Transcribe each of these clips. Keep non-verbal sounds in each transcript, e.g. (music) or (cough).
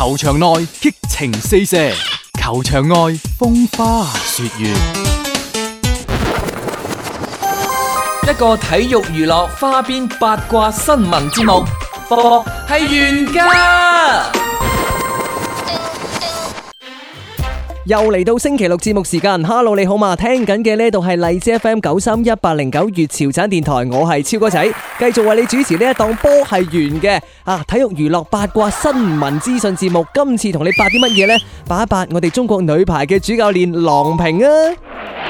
球場內激情四射，球場外風花雪月。一個體育娛樂花邊八卦新聞節目，播係原價。又嚟到星期六節目時間，l o 你好嘛，聽緊嘅呢度係荔枝 FM 九三一八零九粵潮產電台，我係超哥仔，繼續為你主持呢一檔波係圓嘅啊，體育娛樂八卦新聞資訊節目，今次同你發啲乜嘢呢？八一八我哋中國女排嘅主教練郎平啊。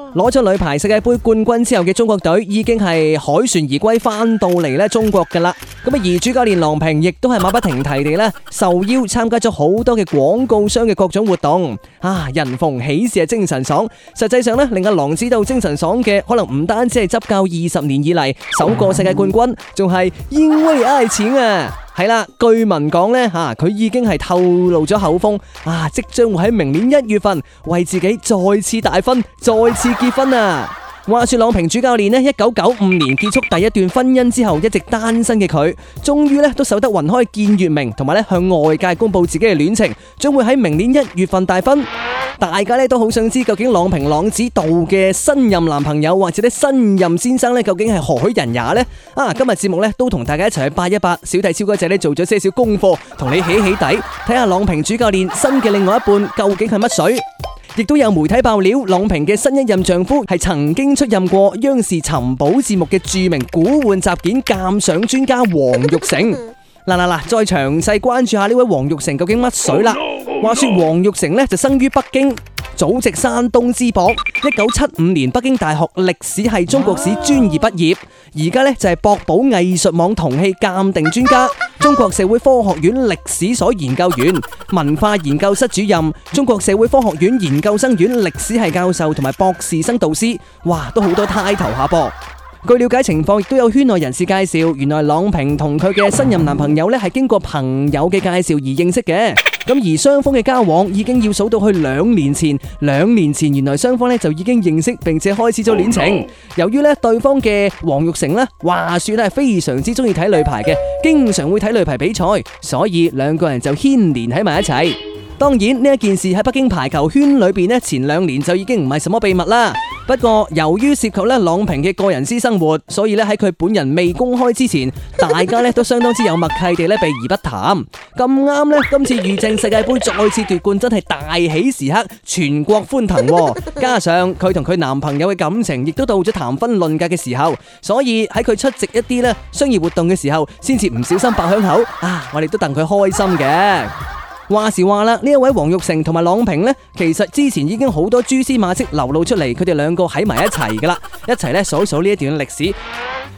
攞咗女排世界杯冠軍之後嘅中國隊已經係凱旋而歸，翻到嚟咧，中國噶啦。咁啊，而主教練郎平亦都係馬不停蹄地咧，受邀參加咗好多嘅廣告商嘅各種活動。啊，人逢喜事啊精神爽。實際上咧，令阿郎指導精神爽嘅可能唔單止係執教二十年以嚟首個世界冠軍，仲係因為愛情啊！係啦，據聞講咧佢已經係透露咗口風啊，即將會喺明年一月份為自己再次大婚，再次結婚啊！話說郎平主教練呢，一九九五年結束第一段婚姻之後，一直單身嘅佢，終於呢都守得雲開見月明，同埋呢向外界公布自己嘅戀情，將會喺明年一月份大婚。大家呢都好想知，究竟郎平郎指導嘅新任男朋友或者啲新任先生呢，究竟係何許人也呢？啊，今日節目呢，都同大家一齊去八一八，小弟釗哥仔呢，做咗些少功課，同你起起底，睇下郎平主教練新嘅另外一半究竟係乜水？亦都有媒體爆料，郎平嘅新一任丈夫係曾經出任過央視尋寶節目嘅著名古玩雜件鑑賞專家黃玉成。嗱嗱嗱，再詳細關注下呢位黃玉成究竟乜水啦？Oh no, oh no. 話說黃玉成呢就生於北京，祖籍山東淄博，一九七五年北京大學歷史系中國史專業畢業，而家呢就係、是、博寶藝術網銅器鑑定專家。Oh no. 中國社會科學院歷史所研究員、文化研究室主任、中國社會科學院研究生院歷史系教授同埋博士生導師，哇，都好多 title 下噃。據了解情況，亦都有圈內人士介紹，原來郎平同佢嘅新任男朋友咧，係經過朋友嘅介紹而認識嘅。咁而雙方嘅交往，已經要數到去兩年前，兩年前原來雙方咧就已經認識並且開始咗戀情。由於咧對方嘅黃玉成呢話說呢係非常之中意睇女排嘅，經常會睇女排比賽，所以兩個人就牽連喺埋一齊。當然呢一件事喺北京排球圈裏邊呢，前兩年就已經唔係什麼秘密啦。不過由於涉及咧郎平嘅個人私生活，所以咧喺佢本人未公開之前，大家咧都相當之有默契地咧避而不談。咁啱呢，今次遇正世界盃再次奪冠，真係大喜時刻，全國歡騰啊。加上佢同佢男朋友嘅感情亦都到咗談婚論嫁嘅時候，所以喺佢出席一啲咧商業活動嘅時候，先至唔小心爆響口啊！我哋都戥佢開心嘅。話時話啦，呢一位王玉成同埋郎平呢，其實之前已經好多蛛絲馬迹流露出嚟，佢哋兩個喺埋一齊噶啦。一齊呢數一數呢一段歷史。誒、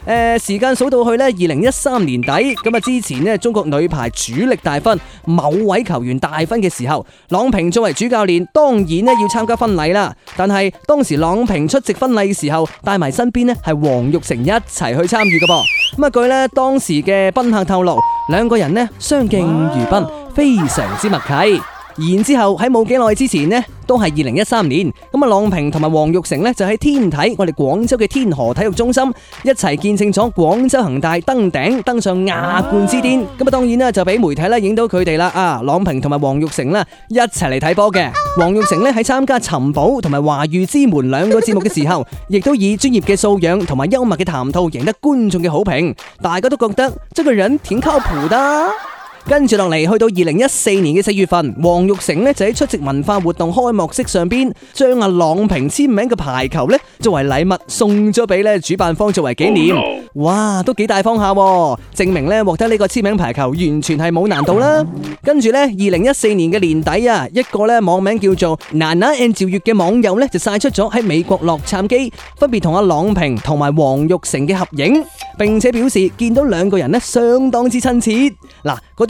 呃，時間數到去呢，二零一三年底咁啊，之前呢，中國女排主力大婚，某位球員大婚嘅時候，郎平作為主教練，當然呢要參加婚禮啦。但係當時郎平出席婚禮嘅時候，帶埋身邊呢係王玉成一齊去參與噶噃。咁啊據呢當時嘅賓客透露，兩個人呢相敬如賓。非常之默契，然之後喺冇幾耐之前呢都係二零一三年，咁啊，郎平同埋王玉成呢，就喺天體，我哋廣州嘅天河體育中心一齊見證咗廣州恒大登頂登上亞冠之巔，咁啊，當然咧就俾媒體咧影到佢哋啦，啊，郎平同埋王玉成啦一齊嚟睇波嘅。王玉成呢，喺參加《尋寶》同埋《華豫之門》兩個節目嘅時候，亦都以專業嘅素養同埋幽默嘅談吐贏得觀眾嘅好評，大家都覺得這個人挺靠譜的。跟住落嚟，去到二零一四年嘅四月份，王玉成咧就喺出席文化活動開幕式上邊，將阿郎平簽名嘅排球咧作為禮物送咗俾咧主辦方作為紀念。Oh、no. 哇，都幾大方下，啊，證明咧獲得呢個簽名排球完全係冇難度啦。跟住咧，二零一四年嘅年底啊，一個咧網名叫做娜娜 and 趙月嘅網友咧就晒出咗喺美國洛杉磯分別同阿郎平同埋王玉成嘅合影，並且表示見到兩個人咧相當之親切。嗱，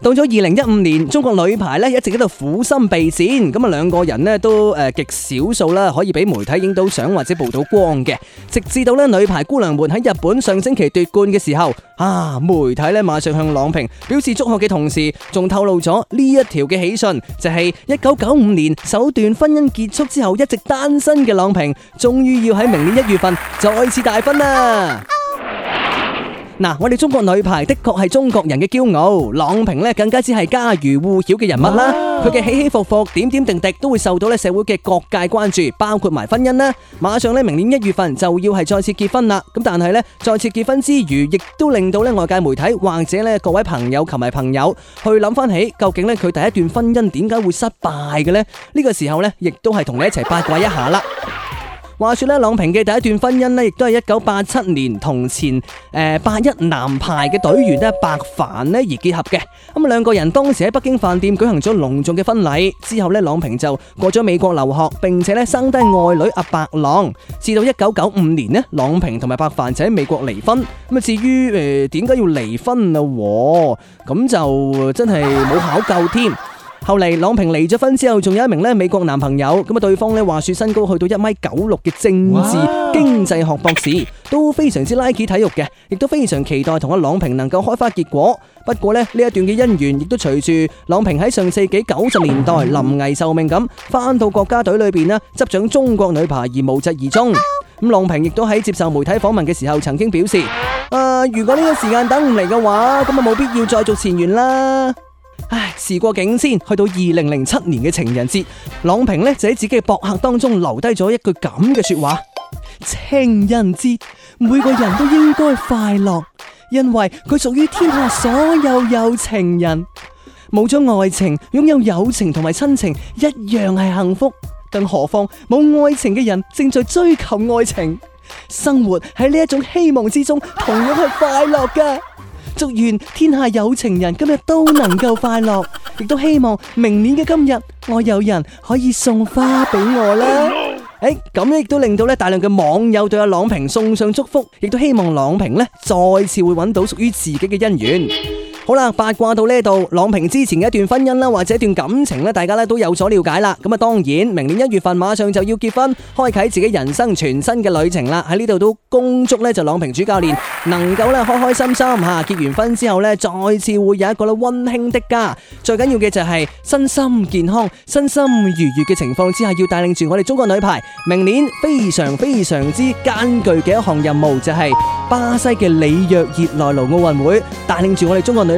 到咗二零一五年，中國女排咧一直喺度苦心備戰，咁啊兩個人咧都誒、呃、極少數啦，可以俾媒體影到相或者曝到光嘅，直至到咧女排姑娘們喺日本上星期奪冠嘅時候，啊媒體咧馬上向郎平表示祝賀嘅同時，仲透露咗呢一條嘅喜訊，就係一九九五年首段婚姻結束之後一直單身嘅郎平，終於要喺明年一月份再次大婚啦。嗱、啊，我哋中國女排的確係中國人嘅驕傲，郎平呢，更加只係家喻戶曉嘅人物啦。佢嘅、oh. 起起伏伏，點點滴滴，都會受到咧社會嘅各界關注，包括埋婚姻啦。馬上咧明年一月份就要係再次結婚啦。咁但係呢，再次結婚之餘，亦都令到咧外界媒體或者咧各位朋友及埋朋友去諗翻起，究竟呢佢第一段婚姻點解會失敗嘅呢？呢、這個時候呢，亦都係同你一齊八卦一下啦。話說咧，郎平嘅第一段婚姻咧，亦都係一九八七年同前誒、呃、八一男排嘅隊員咧白帆咧而結合嘅。咁、嗯、啊，兩個人當時喺北京飯店舉行咗隆重嘅婚禮。之後咧，郎平就過咗美國留學，並且咧生低外女阿白浪。至到一九九五年咧，郎平同埋白帆就喺美國離婚。咁啊，至於誒點解要離婚啊？咁、哦、就真係冇考究添。後嚟，郎平離咗婚之後，仲有一名咧美國男朋友，咁啊，對方咧話說身高去到一米九六嘅政治經濟學博士，都非常之 like 體育嘅，亦都非常期待同阿郎平能夠開花結果。不過咧呢一段嘅姻緣，亦都隨住郎平喺上世紀九十年代臨危受命咁，翻到國家隊裏邊啦，執掌中國女排而無疾而終。咁郎 (laughs) 平亦都喺接受媒體訪問嘅時候，曾經表示：，誒、啊，如果呢個時間等唔嚟嘅話，咁啊冇必要再續前緣啦。唉，時過境遷，去到二零零七年嘅情人節，郎平呢就喺自己嘅博客當中留低咗一句咁嘅說話：情人節每個人都應該快樂，因為佢屬於天下所有有情人。冇咗愛情，擁有友情同埋親情一樣係幸福，更何況冇愛情嘅人正在追求愛情，生活喺呢一種希望之中，同樣係快樂噶。祝願天下有情人今日都能夠快樂，亦都希望明年嘅今日我有人可以送花俾我啦。誒，咁樣亦都令到咧大量嘅網友對阿郎平送上祝福，亦都希望郎平呢再次會揾到屬於自己嘅姻緣。 (music) 好啦，八卦到呢度，郎平之前嘅一段婚姻啦，或者一段感情咧，大家咧都有所了解啦。咁啊，當然，明年一月份馬上就要結婚，開啟自己人生全新嘅旅程啦。喺呢度都恭祝咧就郎平主教練能夠咧開開心心吓，結完婚之後咧，再次會有一個咧溫馨的家。最緊要嘅就係身心健康、身心愉悅嘅情況之下，要帶領住我哋中國女排，明年非常非常之艱巨嘅一項任務，就係巴西嘅里約熱內盧奧運會，帶領住我哋中國女。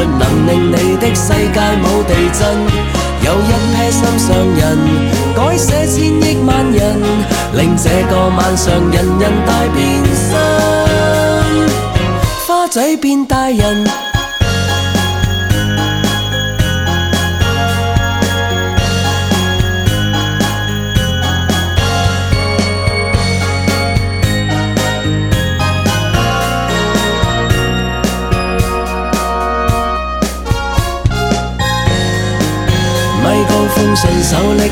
能令你的世界冇地震，有一 p 心上人，改寫千億萬人，令這個晚上人人大變身，花仔變大人。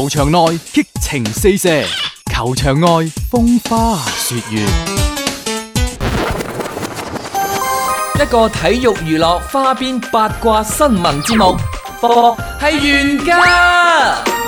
球場內激情四射，球場外風花雪月。一個體育娛樂花邊八卦新聞節目，播係原價。